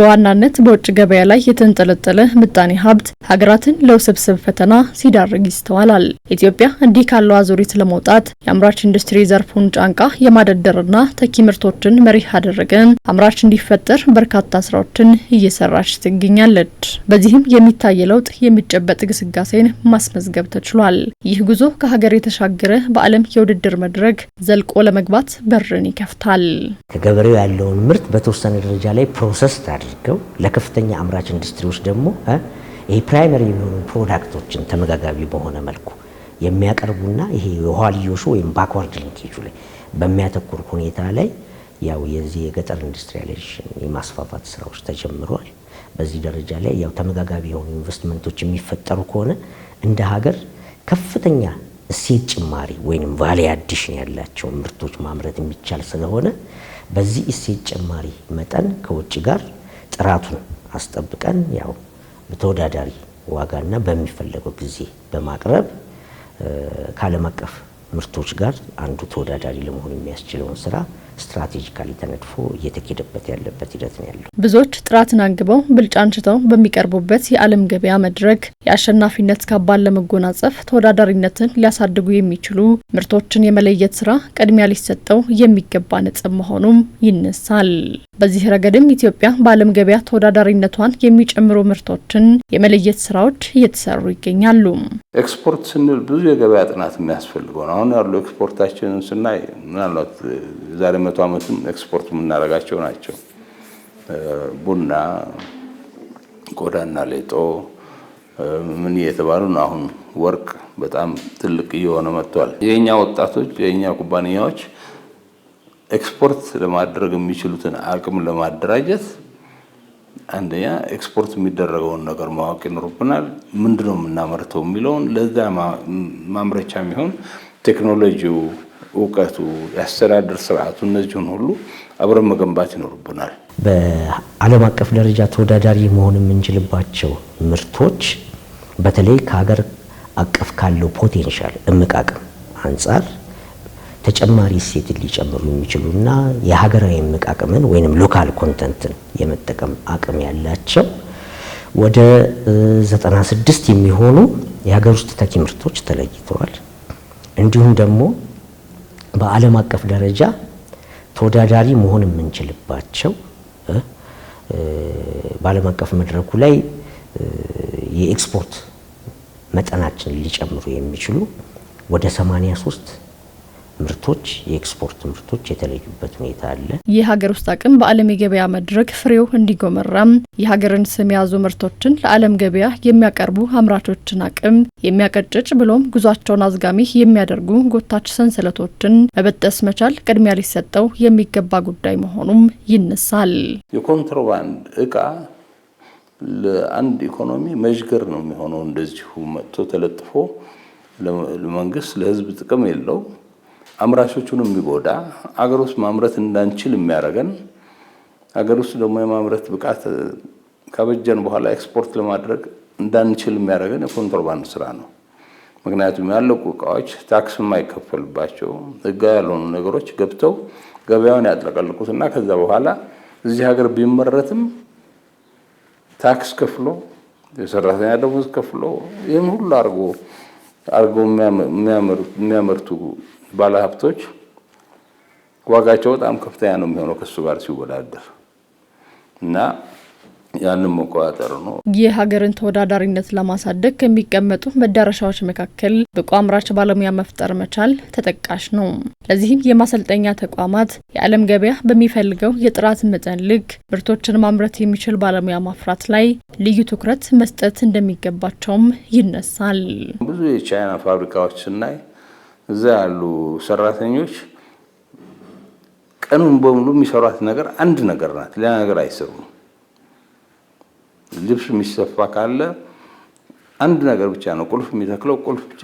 በዋናነት በውጭ ገበያ ላይ የተንጠለጠለ ምጣኔ ሀብት ሀገራትን ለውስብስብ ፈተና ሲዳርግ ይስተዋላል። ኢትዮጵያ እንዲህ ካለው አዙሪት ለመውጣት የአምራች ኢንዱስትሪ ዘርፉን ጫንቃ የማደደርና ተኪ ምርቶችን መሪህ አደረገ አምራች እንዲፈጠር በርካታ ስራዎችን እየሰራች ትገኛለች። በዚህም የሚታይ ለውጥ የሚጨበጥ ግስጋሴን ማስመዝገብ ተችሏል። ይህ ጉዞ ከሀገር የተሻገረ በዓለም የውድድር መድረክ ዘልቆ ለመግባት በርን ይከፍታል። ከገበሬው ያለውን ምርት በተወሰነ ደረጃ ላይ ፕሮሰስ አድርገው ለከፍተኛ አምራች ኢንዱስትሪዎች ደግሞ ይሄ ፕራይመሪ የሚሆኑ ፕሮዳክቶችን ተመጋጋቢ በሆነ መልኩ የሚያቀርቡና ይሄ የኋልዮሹ ወይም ባክዋርድ ሊንኬጁ ላይ በሚያተኩር ሁኔታ ላይ ያው የዚህ የገጠር ኢንዱስትሪያላይዜሽን የማስፋፋት ስራዎች ተጀምረዋል። በዚህ ደረጃ ላይ ያው ተመጋጋቢ የሆኑ ኢንቨስትመንቶች የሚፈጠሩ ከሆነ እንደ ሀገር ከፍተኛ እሴት ጭማሪ ወይም ቫሊ አዲሽን ያላቸው ምርቶች ማምረት የሚቻል ስለሆነ በዚህ እሴት ጭማሪ መጠን ከውጭ ጋር ጥራቱን አስጠብቀን ያው በተወዳዳሪ ዋጋና በሚፈለገው ጊዜ በማቅረብ ከዓለም አቀፍ ምርቶች ጋር አንዱ ተወዳዳሪ ለመሆን የሚያስችለውን ስራ ስትራቴጂካሊ ተነድፎ እየተኬደበት ያለበት ሂደት ነው ያለው። ብዙዎች ጥራትን አንግበው ብልጫ አንስተው በሚቀርቡበት የዓለም ገበያ መድረክ የአሸናፊነት ካባን ለመጎናጸፍ ተወዳዳሪነትን ሊያሳድጉ የሚችሉ ምርቶችን የመለየት ስራ ቅድሚያ ሊሰጠው የሚገባ ነጥብ መሆኑም ይነሳል። በዚህ ረገድም ኢትዮጵያ በዓለም ገበያ ተወዳዳሪነቷን የሚጨምሩ ምርቶችን የመለየት ስራዎች እየተሰሩ ይገኛሉ። ኤክስፖርት ስንል ብዙ የገበያ ጥናት የሚያስፈልገው ነው። አሁን ያሉ ኤክስፖርታችንን ስናይ ምናልባት ዛሬ መቶ ዓመትም ኤክስፖርት የምናደርጋቸው ናቸው። ቡና፣ ቆዳና ሌጦ ምን እየተባሉ ነው። አሁን ወርቅ በጣም ትልቅ እየሆነ መጥቷል። የእኛ ወጣቶች የእኛ ኩባንያዎች ኤክስፖርት ለማድረግ የሚችሉትን አቅም ለማደራጀት አንደኛ ኤክስፖርት የሚደረገውን ነገር ማወቅ ይኖርብናል። ምንድነው የምናመርተው የሚለውን ለዛ ማምረቻ የሚሆን ቴክኖሎጂው እውቀቱ፣ የአስተዳደር ስርዓቱ እነዚህን ሁሉ አብረን መገንባት ይኖርብናል። በዓለም አቀፍ ደረጃ ተወዳዳሪ መሆን የምንችልባቸው ምርቶች በተለይ ከሀገር አቀፍ ካለው ፖቴንሻል እምቅ አቅም አንጻር ተጨማሪ እሴት ሊጨምሩ የሚችሉና የሀገራዊ እምቅ አቅምን ወይም ሎካል ኮንተንትን የመጠቀም አቅም ያላቸው ወደ 96 የሚሆኑ የሀገር ውስጥ ተኪ ምርቶች ተለይተዋል። እንዲሁም ደግሞ በዓለም አቀፍ ደረጃ ተወዳዳሪ መሆን የምንችልባቸው በዓለም አቀፍ መድረኩ ላይ የኤክስፖርት መጠናችን ሊጨምሩ የሚችሉ ወደ 83 ምርቶች የኤክስፖርት ምርቶች የተለዩበት ሁኔታ አለ። የሀገር ውስጥ አቅም በዓለም የገበያ መድረክ ፍሬው እንዲጎመራም የሀገርን ስም የያዙ ምርቶችን ለዓለም ገበያ የሚያቀርቡ አምራቾችን አቅም የሚያቀጭጭ ብሎም ጉዟቸውን አዝጋሚ የሚያደርጉ ጎታች ሰንሰለቶችን መበጠስ መቻል ቅድሚያ ሊሰጠው የሚገባ ጉዳይ መሆኑም ይነሳል። የኮንትሮባንድ እቃ ለአንድ ኢኮኖሚ መዥገር ነው የሚሆነው። እንደዚሁ መጥቶ ተለጥፎ ለመንግስት ለህዝብ ጥቅም የለው አምራቾቹን የሚጎዳ አገር ውስጥ ማምረት እንዳንችል የሚያደርገን አገር ውስጥ ደግሞ የማምረት ብቃት ከበጀን በኋላ ኤክስፖርት ለማድረግ እንዳንችል የሚያደርገን የኮንትሮባንድ ስራ ነው። ምክንያቱም ያለቁ እቃዎች ታክስ የማይከፈልባቸው ህጋ ያልሆኑ ነገሮች ገብተው ገበያውን እና ከዛ በኋላ እዚህ ሀገር ቢመረትም ታክስ ከፍሎ የሰራተኛ ደሞዝ ከፍሎ ይህን ሁሉ አርጎ የሚያመርቱ ባለሀብቶች ዋጋቸው በጣም ከፍተኛ ነው የሚሆነው ከሱ ጋር ሲወዳደር እና ያንን መቆጣጠር ነው። የሀገርን ተወዳዳሪነት ለማሳደግ ከሚቀመጡ መዳረሻዎች መካከል ብቁ አምራች ባለሙያ መፍጠር መቻል ተጠቃሽ ነው። ለዚህም የማሰልጠኛ ተቋማት የዓለም ገበያ በሚፈልገው የጥራት መጠን ልክ ምርቶችን ማምረት የሚችል ባለሙያ ማፍራት ላይ ልዩ ትኩረት መስጠት እንደሚገባቸውም ይነሳል። ብዙ የቻይና ፋብሪካዎች ስናይ እዛ ያሉ ሰራተኞች ቀኑን በሙሉ የሚሰሯት ነገር አንድ ነገር ናት። ሌላ ነገር አይሰሩም። ልብስ የሚሰፋ ካለ አንድ ነገር ብቻ ነው። ቁልፍ የሚተክለው ቁልፍ ብቻ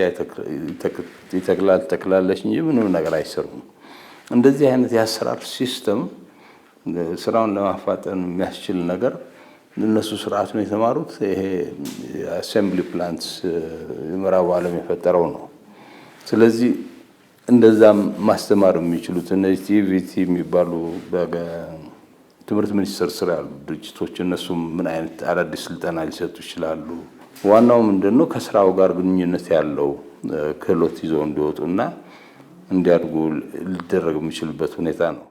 ይተክላል ትተክላለች እንጂ ምንም ነገር አይሰሩም። እንደዚህ አይነት የአሰራር ሲስተም ስራውን ለማፋጠን የሚያስችል ነገር እነሱ ስርዓቱን የተማሩት ይሄ አሴምብሊ ፕላንትስ ምዕራቡ ዓለም የፈጠረው ነው። ስለዚህ እንደዛም ማስተማር የሚችሉት እነዚህ ቲቪቲ የሚባሉ ትምህርት ሚኒስቴር ስር ያሉ ድርጅቶች እነሱም ምን አይነት አዳዲስ ስልጠና ሊሰጡ ይችላሉ? ዋናው ምንድን ነው ከስራው ጋር ግንኙነት ያለው ክህሎት ይዘው እና እንዲያድጉ ሊደረግ የሚችልበት ሁኔታ ነው።